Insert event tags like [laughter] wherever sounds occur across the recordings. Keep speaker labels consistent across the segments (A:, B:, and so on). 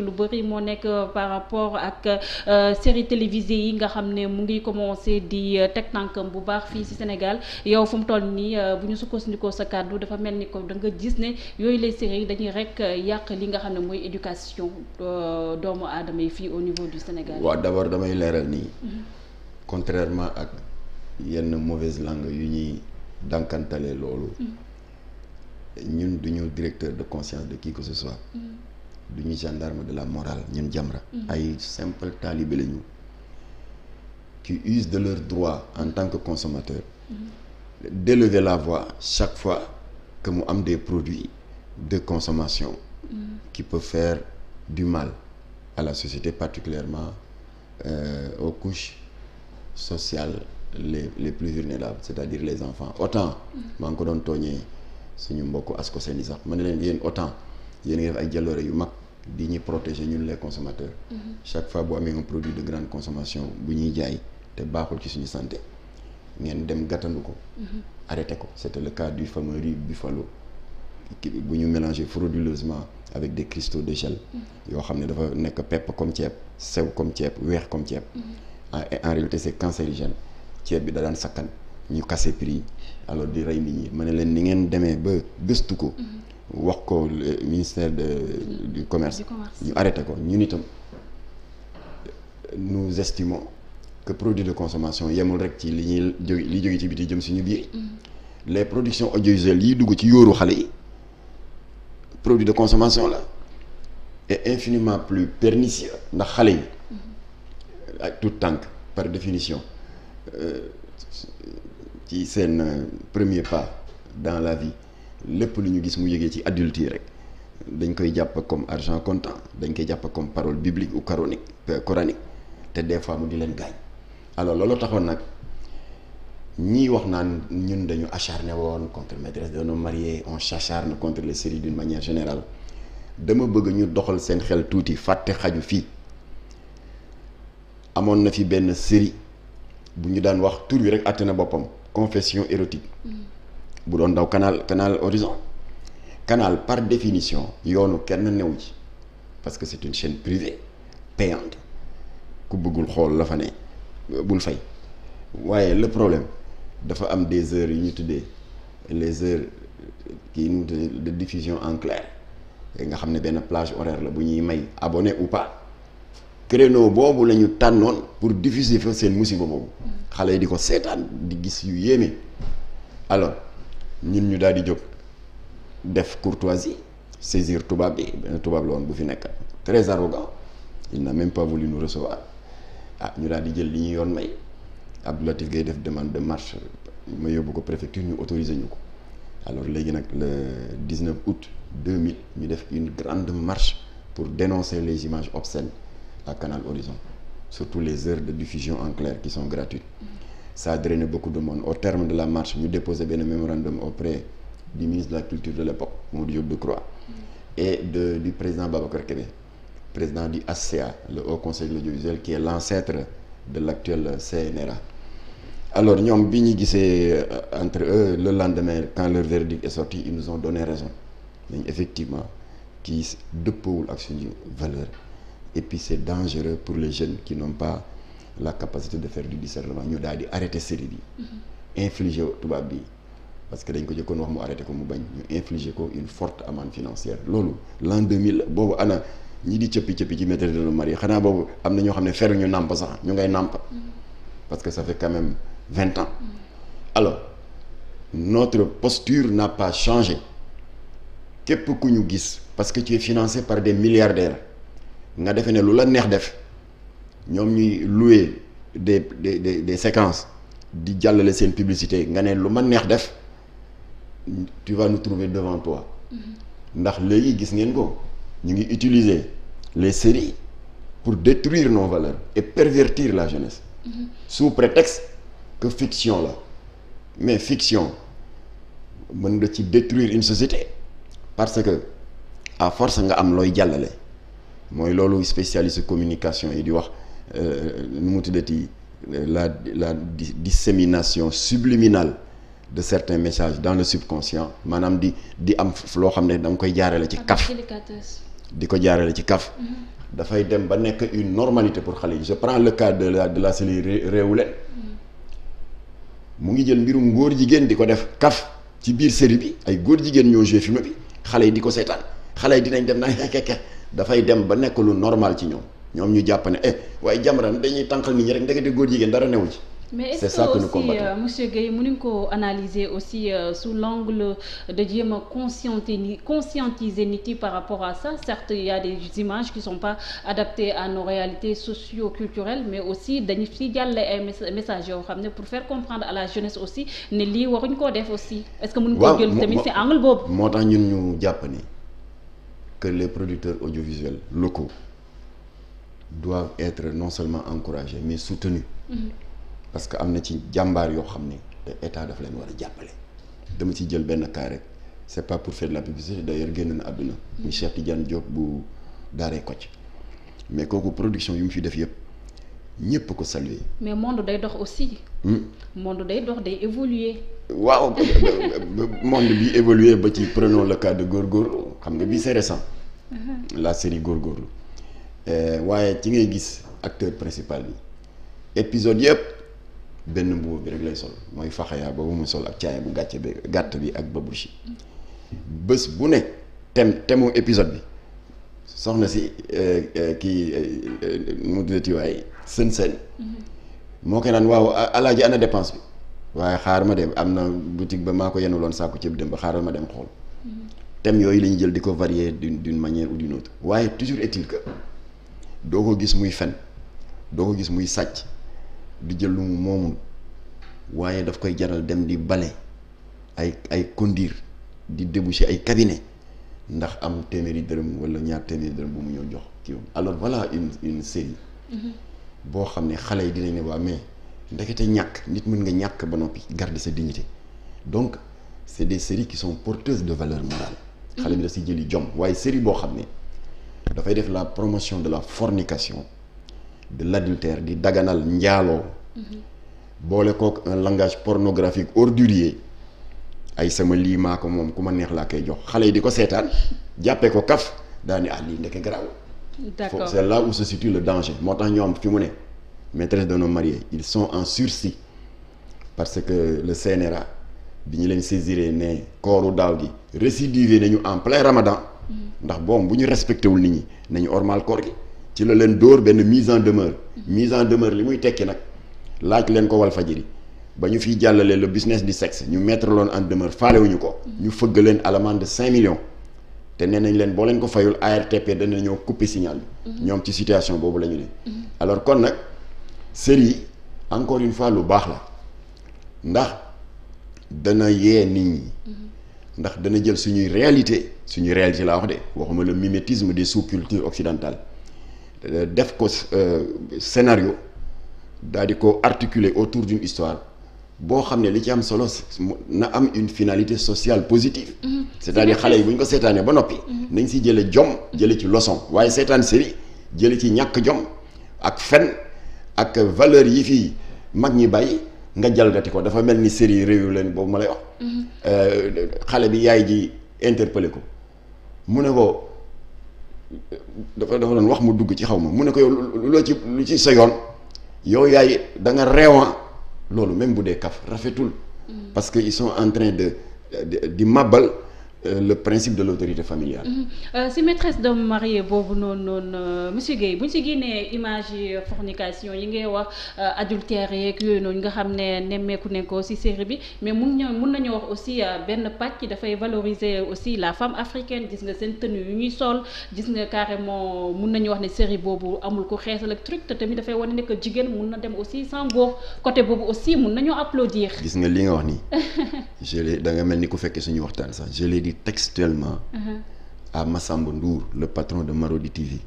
A: lu bëri moo nekk euh, par rapport ak euh, série télévisée yi nga xam ne mu ngi commencé di euh, teg tànkam bu baax fii ci Sénégal yow fu mu toll nii bu ñu sukkandikoo sa kàddu dafa mel ni ko da nga gis ne yooyu les séries dañuy rek yàq li nga xam ne mooy éducation doomu aadama yi fii au niveau du Sénégal. waaw d'abord
B: damay leeral nii. Mm-hmm. contrairement ak yenn mauvaise langue yu ñuy dànkantale loolu.
A: Mm-hmm.
B: ñun duñu directeur de conscience de qui que ce soit. Mm-hmm. du ñu gendarme de la morale ñun Jamra mm-hmm. ay simple talibé lañu qui use de leur droit en tant que consommateur
C: mm-hmm.
B: d'élever la voix chaque fois que mu am des produits de consommation mm-hmm. qui peut faire du mal à la société particulièrement euh, couche couches sociales les les plus vulnérables c'est-à-dire les enfants autant maa ngi ko doon tooñee suñu mbokk asko seen i sax man ne leen yéen autant yéen a ngi def ay jaloore yu mag di ñu protéger ñun les consommateurs. Mm chaque fois bu amee un produit de grande consommation bu ñuy jaay te baaxul ci suñu santé ngeen dem gàttandu ko. Mhm. arrêté ko c' te le cas du fameux riz buffalo bu ñu mélangé frauduleusement avec des cristaux de gel. Mhm. yoo xam ne dafa nekk pepp comme ceeb sew comme ceeb weex comme ceeb. Mhm. en réalité c' est cancérigène ceeb bi da daan sakkan ñu kase prix alors di rey nit ñi ma ne leen ni ngeen demee ba gëstu ko. wax ko ministère de du commerce ñu arrêté ko ñun itam nous estimons que produit de consommation yemul rek ci li ñuy jóge li jóge ci biti jëm suñu biir
C: mm-hmm.
B: les productions audiovisuelles yi dugg ci yóoru xale yi produit de consommation la est infiniment plus pernicieux ndax xale yi
C: mm-hmm.
B: ak tout tànk par définition euh, ci seen euh, premier pas dans la vie lépp lu ñu gis mu yëgee ci yi rek dañ koy jàpp comme argent comptant dañ koy jàpp comme parole biblique u coranique euh, coranique te des fois mu di leen gaañ alors loolu taxoon nag ñii wax naan ñun dañu acharné woon contre maîtresse d'un homme marié on s'acharne contre les séries d'une manière générale dama bëgg ñu doxal seen xel tuuti fàtte xaju fii amoon na fi benn série bu ñu daan wax tur wi rek àtte na boppam confession érotique. Mm. bu doon daw canal canal horizon canal par définition yoonu kenn new ji parce que c'est une chaîne privée payante ku bëggul xool la fa ne bul fay waaye le problème dafa am des heures yu ñu tuddee les heures kii ñu tuddee de diffusion en clair nga xam ne benn plage horaire la bu ñuy may abonné ou pas créneau boobu la ñu tànnoon pour diffuser fa seen musiba boobu mm. xale yi di ko seetaan di gis yu yéeme alors ñun ñu daal di jóg def courtoisie saisir tubaab bi benn tubaab la woon bu fi nekk très arrogant il n'a même pas voulu nous recevoir ah ñu daal di jël li ñu yoon may Abdou Latif Gueye def demande de marche ma yóbbu ko préfecture ñu autorisé ñu ko alors léegi nag le 19 août 2000 ñu def une grande marche pour dénoncer les images obscènes à Canal Horizon surtout les heures de diffusion en clair qui sont gratuites ça a drainé beaucoup de monde au terme de la marche ñu déposé benn mémorandum auprès du ministre de la culture de l'époque Mamadou Diop Decroix et de du président Babacar Kébé président du HCA le Haut Conseil de l'audiovisuel qui est l'ancêtre de l'actuel CNRA alors ñoom bi ñu gisee euh, entre eux le lendemain quand leur verdict est sorti ils nous ont donné raison nañ effectivement ki dëppawul ak suñu valeur et puis c'est dangereux pour les jeunes qui n'ont pas la capacité de faire du discernement ñu daal di arrêté série bi infligé tubaab bi parce que dañ ko jëkkoon wax mu arrêté ko mu bañ ñu infligé ko une fort amende financière loolu l'an 2000 boobu ana ñi di cëppi cëppi ci maîtresse d'un homme marié xanaa boobu am na ñoo xam ne feru ñu nàmp sax ñu ngay nàmp parce que ça fait quand même vingt ans alors notre posture n'a changé képp ku ñu gis parce que ci es financé par des milliardaires nga defe ne lu la neex def ñoom ñuy louer des de des des séquences di jàllale seen publicité nga ne lu ma neex def tu vas nous trouver devant toi
C: mm-hmm.
B: ndax léegi gis ngeen ko ñu ngi utiliser les séries pour détruire nos valeurs et pervertir la jeunesse mmh. sous prétexte que fiction la mais fiction mën nga ci détruire une société parce que à force nga am looy jàllale mooy loolu spécialiste communication yi di wax Euh, nu mu tuddati la la dissémination subliminale de certains messages dans le subconscient maanaam di di am loo xam ne da nga koy jaarale ci kaf di ko jaarale ci kaf mhm. dafay dem ba nekk une normalité pour xale yi je prends le cas de la de la cellule Réewuleen mhm. mu ngi jël mbirum góor jigéen di ko def kaf ci biir série bi ay góor jigéen ñoo joué film bi xale yi di ko seetaan xale yi dinañ dem na [laughs] keke dafay dem ba nekk lu normal ci ñoom ñoom ñu jàpp ne eh waaye Jamra dañuy tànqal nit ñi rek ndekete góor jigéen dara newu ci.
A: c'est ça que nous combattons mais est-ce que aussi monsieur Guèye mënuñ ko analyser aussi euh, sous l'angle de jéem a conscientiser conscientiser nit yi par rapport à ça certes il y a des images qui sont pas adaptées à nos réalités socio-culturelles mais aussi dañu fi jàlle ay messages yoo xam ne pour faire comprendre à la jeunesse aussi ne lii waruñ koo def aussi. est-ce que mënuñ koo jël tamit ci angle boobu.
B: moo tax ñun ñu jàpp ni que les producteurs audiovisuels locaux. doivent être non seulement encouragés mais soutenus. Mhm. parce que am na ci jàmbaar yoo xam ne te état daf leen war a jàppale. dama ci jël benn cas rek c'est pas pour faire de la publicité d'ailleurs génn na àdduna. muy mhm. Cheikh Tidiane Diop bu Daaree Kocc mais kooku production yu mu def yëpp ñëpp ko saluer.
A: mais monde day dox aussi. Hmm? monde day dox day évoluer.
B: waaw monde bi évoluer ba ci prenons le cas góor góor xam nga bi c'est récent. Mhm. la série Góorgóorlu. Eh, waaye ci ngay gis acteur principal bi épisode yëpp benn mbubu bi rek lay sol mooy faxaya boobu mu sol ak caaya bu gàcce bi gàtt bi ak babouchi bés bu ne tem temu épisode bi soxna si eh, eh, kii mu tuddati waaye sën sën mm-hmm. moo koy naan waaw alaaji ana dépense bi waaye xaar ma dem am na boutique ba maa ko yenuloon sàkku ceeb dem ba xaaral ma dem xool mm-hmm. thème yooyu la ñuy jël di ko varier d'une manière ou d'une autre waaye toujours est-il doo ko gis muy fen doo ko gis muy sàcc di jël lu mu moomul waaye daf koy jaral dem di bale ay ay kondiir di déboucher ay cabinet ndax am téeméeri dërëm wala ñaar téeméeri dërëm bu mu ñëw jox kii alors voilà une une série mm-hmm. boo xam ne xale yi dinañ ne waa mais ndekete ñàkk nit mën nga ñàkk ba noppi garder sa dignité donc c'est des séries qui sont porteuses de valeur morale xale bi da mm-hmm. si jëli jom waaye série boo xam ne dafay def la promotion de la fornication de l'adultère di daganal njaaloo mm-hmm. boole kook un langage pornographique ordurier ay sama lii maa ko moom ku ma neex laa koy jox xale yi di ko seetaan jàppee ko kaf daani ah lii ndeke garaaw d'accord c'est là où se le danger moo tax ñoom fi mu ne maîtresse d'un homme marié ils sont en sursi parce que le CNRA bi ñu leen saisiré ne kooru daaw gi récidivé nañu en plein ramadan Mm. ndax bon bu ñu respecté wul nit ñi nañu ormal koor gi ci la leen dóor benn mise en demeure mm. mise en demeure li muy tekki nag laaj leen ko Walfadjri ba ñu fiy jàllale le business di sexe ñu mettre loon en demeure faalewuñu ko mm. ñu fëgg leen alamande de cinq millions te nee nañ leen boo leen ko fayul ARTP dana ñëw couper bi ñoom ci situation boobu la ñu ne alors kon nag série yi encore une fois lu baax la ndax dana yee nit ñi ndax dana jël suñuy réalité suñuy réalité laa wax de waxuma le mimétisme des sous-cultures occidentales def ko euh, scénario daal di ko articuler autour d'une histoire boo xam ne li ci am solo na am une finalité sociale positive
C: mm-hmm. cest à xale yi bu
B: ko seetaanee ba noppi mm-hmm. nañ si jële jom jële ci leçon waaye seetaan série jële ci ñàkk jom ak fen ak valeur yi fi mag ñi bàyyi nga jalgati ko dafa mel ni série réew leen boobu ma lay wax. Mm-hmm. Euh, xale bi yaay ji interpellé ko mu ne ko dafa dafa leen wax mu dugg ci xaw ma mu ne ko yow loo ci lu ci sa yoon yow yaay da nga réewan loolu même bu dee kaf rafetul.
A: Mm-hmm. parce
B: que ils sont en train de di màbbal. Euh, le principe de l'autorité familiale.
A: Mm-hmm. Euh, si maîtresse d'homme marié boobu noonu noonu euh, monsieur Guèye bu ñu si génnee image yi fornication yi ngay wax adultère yeeg yooyu noonu nga xam ne nemmeeku nañ si série bi mais mun ñoo mun nañu wax aussi benn pàcc dafay valoriser aussi la femme africaine gis nga seen tenue yu ñuy sol gis nga carrément mun na ñu wax ne série boobu amul ko xeesal ak truc te tamit dafay wane ne que jigéen mun na dem aussi sans góor côté boobu aussi mun nañoo applaudir. gis
B: nga li wax nii. [laughs] je l'ai da nga mel ni ku écrit textuellement à Massamba Ndour le patron de Marodi TV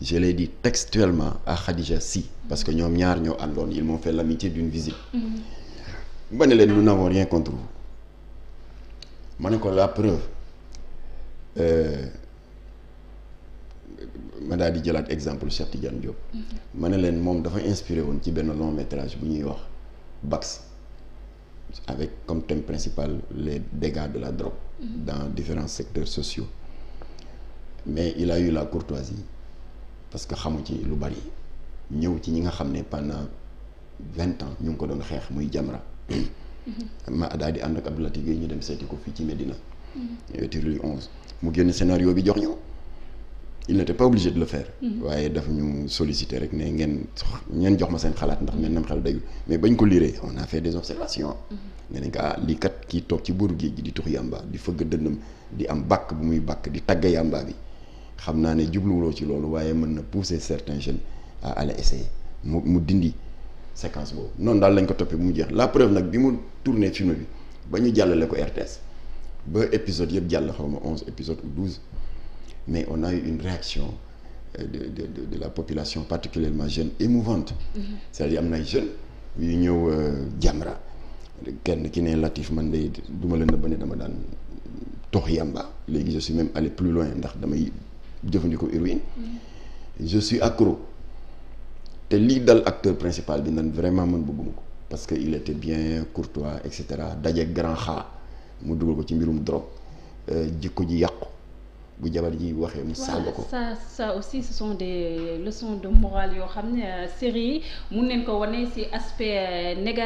B: je l'ai textuellement à Khadija Si parce que ñoom ñaar ñoo àndoon ils m'ont fait l'amitié d'une visite ma ne leen nous n'avons rien contre ma ne ko la preuve euh, ma daal di jëlaat exemple Cheikh Tidiane Diop ma ne leen moom dafa inspiré woon ci benn long métrage bu ñuy wax Bax avec comme thème principal les dégâts de la drogue mmh. dans différents secteurs sociaux mais il a eu la courtoisie parce que xamu ci lu bari ñëw ci ñi nga xam ne pendant vingt ans ñu ngi ko doon xeex muy Jamra
C: mm-hmm.
B: ma daal di ànd ak Abdou Latif ñu dem seeti ko fii ci Médina. Tirelu mm-hmm. 11 mu génn scénario bi jox ñu. il n'était pas obligé de le faire. Mm-hmm. waaye dafa ñu solliciter rek ne ngeen ngeen jox ma seen xalaat ndax mel na xel dayul mais bañ ko liree on a fait des observations. Mm-hmm. ne nañ ko ah lii kat kii toog ci booru géej gi di tux yàmba di fëgg dënnam di am bàkk bu muy bàkk di tagg yàmba bi xam naa ne jubluwuloo ci loolu waaye mën na pousser certains jeunes à aller mu mu dindi sequence boobu noonu daal lañ ko toppee bu mu jeex la preuve nag bi mu tourné film ba ñu jàllale ko RTS ba épisode yëpp jàll xaw ma onze épisode ou mais on a eu une réaction euh, de de de, la population particulièrement jeune émouvante. Mm -hmm. cest am na ay jeunes yu ñëw euh, Jamra kenn ki ne Latif man de du ma ba ne dama daan tox yamba léegi je suis même allé plus loin ndax damay jëfandikoo héroïne.
C: Mm-hmm.
B: je suis accro te lii dal acteur principal bi nan vraiment man bëgguma ko parce que il était bien courtois et cetera daje grand xaa mu dugal ko ci mbirum drogue euh, jikko ji yàqu. bu jabar ji waxee mu saaga ko
A: ça ça aussi ce sont des leçons de morale yoo xam ne euh, série yi mun ko wane si aspect euh, négatif